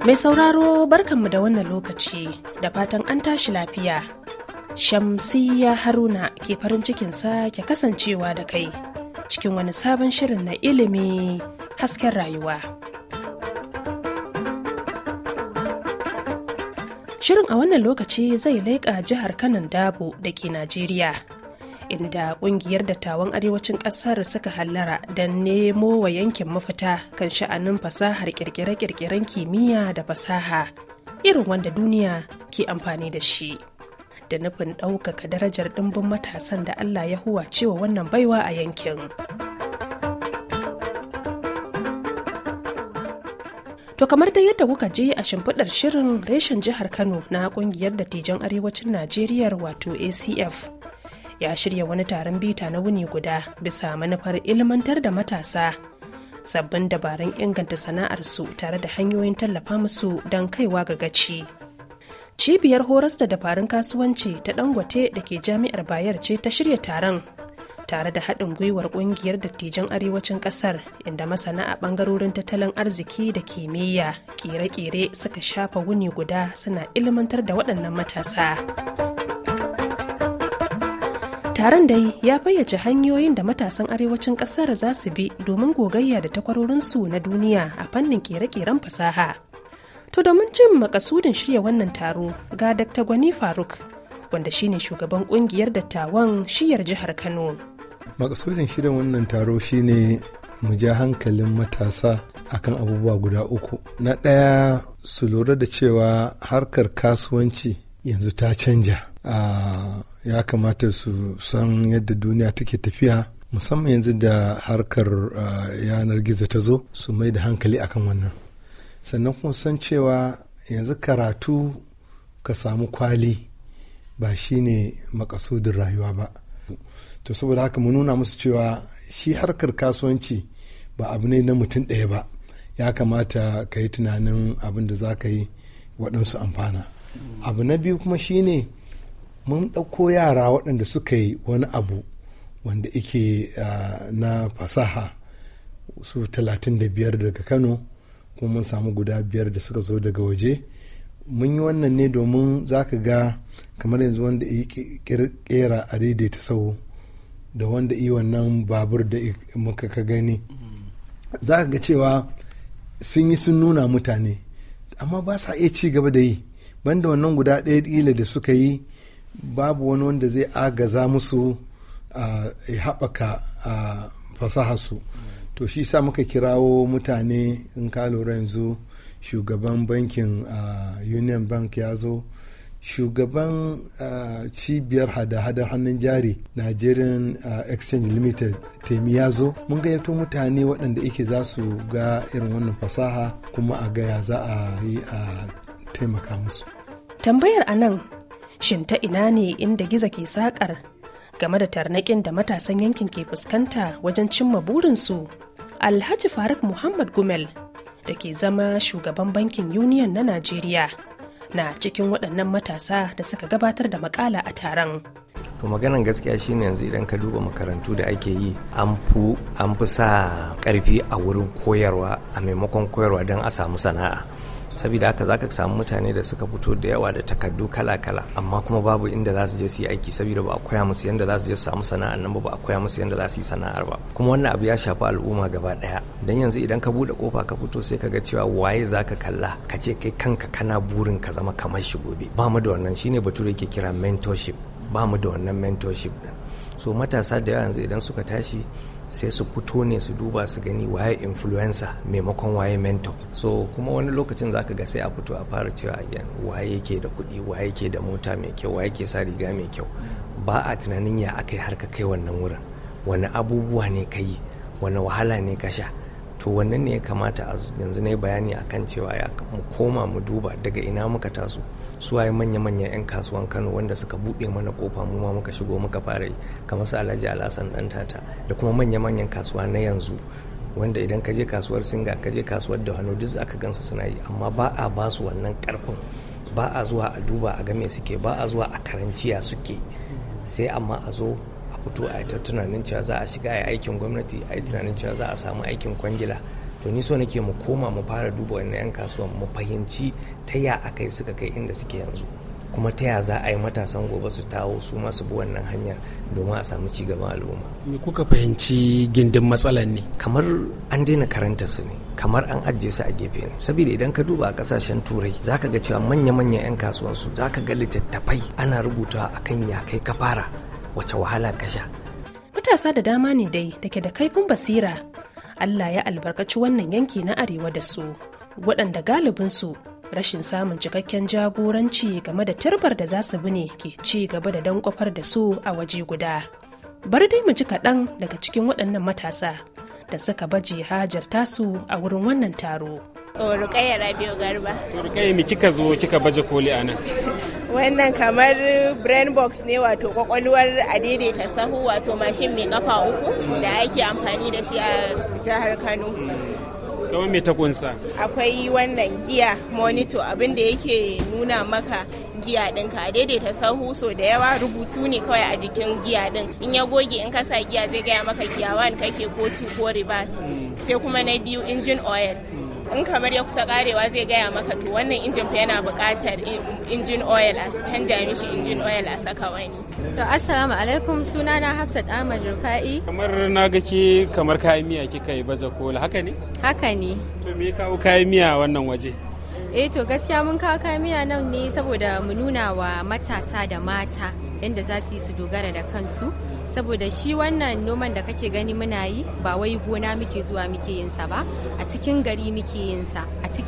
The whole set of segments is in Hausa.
Mai sauraro barkanmu da wannan lokaci da fatan an tashi lafiya. Shamsiyya Haruna ke farin cikin sake kasancewa da kai cikin wani sabon shirin na ilimi hasken rayuwa. Shirin a wannan lokaci zai leƙa jihar kanon Dabo da ke Najeriya. inda kungiyar dattawan arewacin kasar suka hallara don nemo wa yankin mafita kan sha'anin fasahar kirkire-kirkiren kimiyya da fasaha irin wanda duniya ke amfani da shi da nufin ɗaukaka darajar ɗimbin matasan da allah ya huwa cewa wannan baiwa a yankin. To kamar da yadda kuka je a shimfiɗar shirin reshen jihar Kano na ƙungiyar dattijan arewacin Najeriya wato ACF ya shirya wani taron bita na wuni guda bisa manufar ilmantar da matasa sabbin dabarun inganta sana'arsu tare da hanyoyin tallafa musu don kaiwa ga gaci. Cibiyar horas da dabarun kasuwanci ta Dangote da ke jami'ar Bayar ce ta shirya taron tare da haɗin gwiwar ƙungiyar dattijan arewacin ƙasar inda masana a ɓangarorin tattalin arziki da kimiyya ƙere-ƙere suka shafa wuni guda suna ilmantar da waɗannan matasa. taron dai ya fayyace hanyoyin da matasan arewacin kasar za su bi domin gogayya da takwarorinsu na duniya a fannin kere-keren fasaha to domin jin makasudin shirya wannan taro ga dr gwani faruk wanda shine shugaban kungiyar dattawan shiyar jihar kano makasudin shirya wannan taro shine mu ja hankalin matasa akan abubuwa guda uku na ɗaya su lura da cewa harkar kasuwanci yanzu ta canja ya kamata su san yadda duniya take tafiya musamman yanzu da harkar yanar gizo ta zo su mai da hankali akan wannan sannan kuma san cewa yanzu karatu ka samu kwali ba shi ne makasudin rayuwa ba to saboda haka mu nuna musu cewa shi harkar kasuwanci ba abu ne na mutum ɗaya ba ya kamata ka yi tunanin abin da za ka yi waɗansu amfana abu na biyu kuma shine mun ɗauko yara waɗanda suka yi wani abu wanda ike na fasaha su 35 daga kano kuma mun samu guda biyar da suka zo daga waje mun yi wannan ne domin za ka ga kamar yanzu wanda yi kera a daidaita sau da wanda yi wannan babur da muka ka gani za ka ga cewa sun yi sun nuna mutane amma ba sa iya ci gaba da yi banda wannan guda ɗaya ƙila da suka yi babu wani wanda zai agaza musu a haɓaka a fasaharsu to shi sa muka kirawo mutane in ka lura yanzu shugaban bankin union bank ya zo shugaban cibiyar hada-hadar hannun jari nigerian exchange limited temi ya zo mun gayyato mutane waɗanda ike za su ga irin wannan fasaha kuma a gaya za a yi a taimaka musu tambayar a nan shin ta ina ne inda giza ke sakar game da tarnakin da matasan yankin ke fuskanta wajen cimma burinsu alhaji faruk muhammad gumel da ke zama shugaban bankin union na najeriya na cikin waɗannan matasa da suka gabatar da makala a taron to maganan gaskiya shine yanzu idan ka duba makarantu da ake yi an fi sa karfi a wurin koyarwa a maimakon koyarwa don a samu sana'a saboda haka zaka samu mutane da suka fito da yawa da takardu kala-kala amma kuma babu inda za su je su yi aiki saboda ba a koya musu yadda za su je su samu sana'ar nan ba ba a koya musu yadda za su yi sana'ar ba kuma wannan abu ya shafi al'umma gaba daya dan yanzu idan ka bude kofa ka fito sai ka ga cewa waye zaka kalla ka ce kai kanka kana burin ka zama kamar shi gobe ba mu da wannan shine bature yake kira mentorship ba mu da wannan mentorship din so matasa da yawa yanzu idan suka tashi sai su fito ne su duba su gani waye influencer maimakon waye mentor so kuma wani lokacin za ka ga sai a fito a fara cewa a gyan waye ke da kuɗi waye ke da mota mai kyau waye ke sa riga mai kyau ba a tunanin ya aka yi har kai wannan wurin wani abubuwa ne ka yi wani wahala ne ka sha to wannan ne ya kamata a yanzu na bayani a kan cewa ya mu koma mu duba daga ina muka taso suwaye manya-manyan 'yan kasuwan kano wanda suka buɗe mana kofa mu ma muka shigo muka fara yi kamar su alhaji alhassan dan tata da kuma manya-manyan kasuwa na yanzu wanda idan ka je kasuwar singa ka je kasuwar da hannu duk aka gansu suna yi amma ba a ba su wannan karfin ba a zuwa a duba a game suke ba a zuwa a karanciya suke sai amma a zo fito a ta tunanin cewa za a shiga a aikin gwamnati a yi tunanin cewa za a samu aikin kwangila to ni so nake mu koma mu fara duba wannan 'yan kasuwa mu fahimci ta ya aka yi suka kai inda suke yanzu kuma ta ya za a yi matasan gobe su tawo su masu bi wannan hanyar domin a samu ci gaban al'umma. Me kuka fahimci gindin matsalar ne? Kamar an daina karanta su ne, kamar an ajiye su a gefe ne. Saboda idan ka duba a kasashen turai za ka ga cewa manya-manyan 'yan kasuwansu za ka ga littattafai ana rubutawa akan ya kai ka fara. wace wahala ka sha matasa da dama ne dai da ke da kaifin basira allah ya albarkaci wannan yanki na arewa da su waɗanda galibinsu rashin samun cikakken jagoranci game da tarbar da za su bi ne ke ci gaba da dankwafar da su a waje guda bar dai mu ji kaɗan daga cikin waɗannan matasa da suka baje hajar tasu a wurin wannan taro. Rukayya Rabiu Garba. Rukayya mi kika zo kika baje koli a nan? wannan kamar brain box ne wato kwakwalwar a daidaita sahu wato mashin mai kafa uku da ake amfani da shi a jihar kano kamar me ta kunsa akwai wannan giya monitor abin da yake nuna maka giya ɗinka daidaita sahu so da yawa rubutu ne kawai a jikin giya ɗin in ya goge in ka sa giya zai gaya maka giya one kake ko two ko reverse sai kuma na biyu injin oil in kamar ya kusa karewa zai gaya maka to wannan injin fa yana buƙatar injin oil a canja mishi injin oil a saka wani to assalamu alaikum sunana Hafsat Ahmad Rufa'i kamar na ga ke kamar kayan miya kika yi baza kola haka ne haka ne to me kawo kayan miya wannan waje eh to gaskiya mun kawo kayan miya nan ne saboda mu nuna wa matasa da mata yadda za su yi su dogara da kansu saboda shi wannan noman da kake gani muna yi ba wai gona muke zuwa muke yin sa ba a cikin gari muke yin sa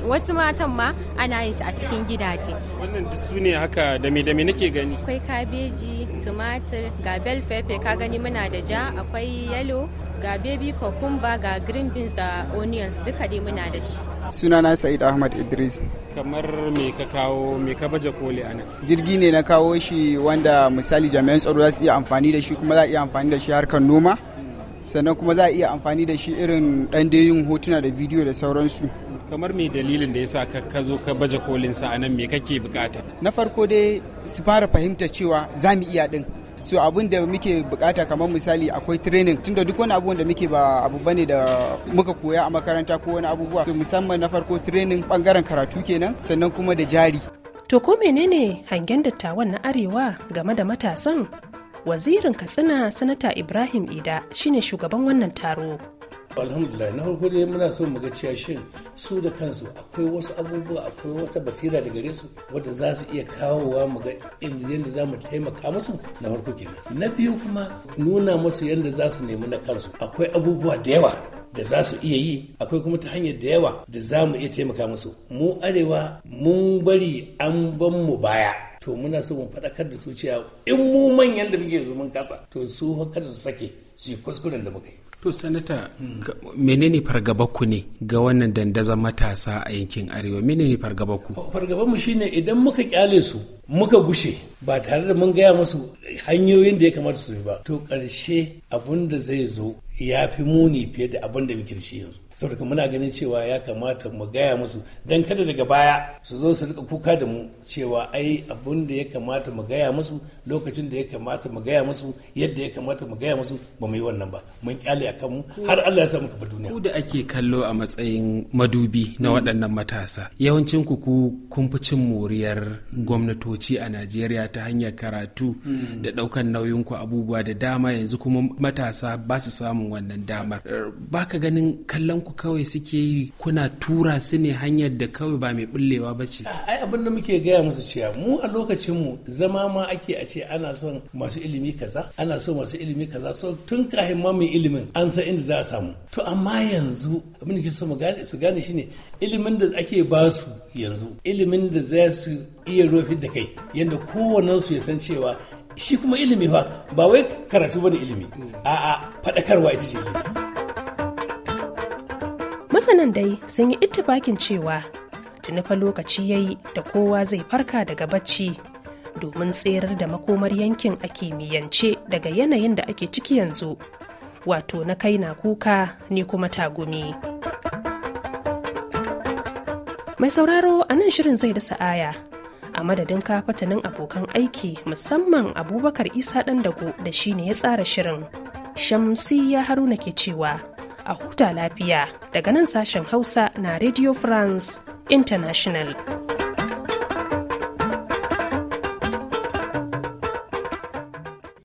wasu matan ma ana yin a cikin gidaje wannan duk su ne haka da me da me nake gani akwai kabeji tumatir ga bell pepper ka gani muna da ja akwai yalo ga baby cucumber ga green beans da onions duka dai muna da shi Suna na sa'id ahmad idris kamar me ka kawo me ka baje koli anan jirgi ne na kawo shi wanda misali jami'an tsaro za su iya amfani da shi kuma za a iya amfani da shi harkar noma sannan kuma za a iya amfani da shi irin dan yin hotuna da bidiyo da sauransu kamar me dalilin da yasa ka ka zo ka baje kolin sa anan me kake bukata na farko dai su fara fahimta cewa za mu iya din so abin da muke bukata kamar misali akwai training tun tunda duk wani abubuwan da muke ba abu bane da muka koya a makaranta ko wani abubuwa to musamman na farko training bangaren karatu kenan sannan kuma da jari to ko menene hangen dattawan na arewa game da matasan wazirin katsina sanata ibrahim ida shine shugaban wannan taro alhamdulillah na farko dai muna so mu ga cewa shin su da kansu akwai wasu abubuwa akwai wata basira da gare su wadda za su iya kawowa mu ga yadda za mu taimaka musu na farko kenan na biyu kuma nuna musu yadda za su nemi na kansu akwai abubuwa da yawa da za su iya yi akwai kuma ta hanyar da yawa da za mu iya taimaka musu mu arewa mun bari an ban mu baya to muna so mu faɗakar da su cewa in mu manyan da muke zumun kasa to su kada su sake su yi kuskuren da muka yi To sanata menene fargaba ku ne ga wannan dandazon matasa a yankin arewa menene fargaba ku? Fargaba mu shine idan muka kyale su muka gushe ba tare da mun gaya musu hanyoyin da ya kamata su bi ba to ƙarshe abun da zai zo ya fi muni fiye da abun da muke da shi yanzu. saboda muna ganin cewa ya kamata mu gaya musu don kada daga baya su zo su rika kuka da mu cewa ai abun da ya kamata mu gaya musu lokacin da ya kamata mu gaya musu yadda ya kamata mu gaya musu ba mu yi wannan ba mun kyale a kanmu har Allah ya sa muka duniya ku da ake kallo a matsayin madubi na mm. waɗannan matasa yawancin ku kun fi cin moriyar gwamnatoci a Najeriya ta hanyar karatu mm. da ɗaukar nauyin ku abubuwa da dama yanzu kuma matasa ba su samun wannan damar er, ba ka ganin kallon ku kawai suke yi kuna tura su ne hanyar da kawai ba mai bullewa ba ce ai abin da muke gaya musu cewa mu a lokacin mu zama ma ake a ce ana son masu ilimi kaza ana son masu ilimi kaza so tun kafin ma mai ilimin an san inda za a samu to amma yanzu abin da ke so su gane shine ilimin da ake ba su yanzu ilimin da za su iya rofi da kai yadda su ya san cewa shi kuma ilimi fa ba wai karatu da ilimi a'a faɗakarwa ita ce ilimi masanan dai sun yi ittifakin cewa tuni fa lokaci yi da kowa zai farka daga bacci domin tserar da makomar yankin a kimiyyance daga yanayin da ake ciki yanzu wato na kai na kuka ni kuma tagumi mai sauraro a nan shirin zai dasa aya a madadin kafatanin abokan aiki musamman abubakar isa ɗan dago da shi ne ya tsara shirin shamsiya haruna ke cewa a huta lafiya daga nan sashen Hausa na Radio France International.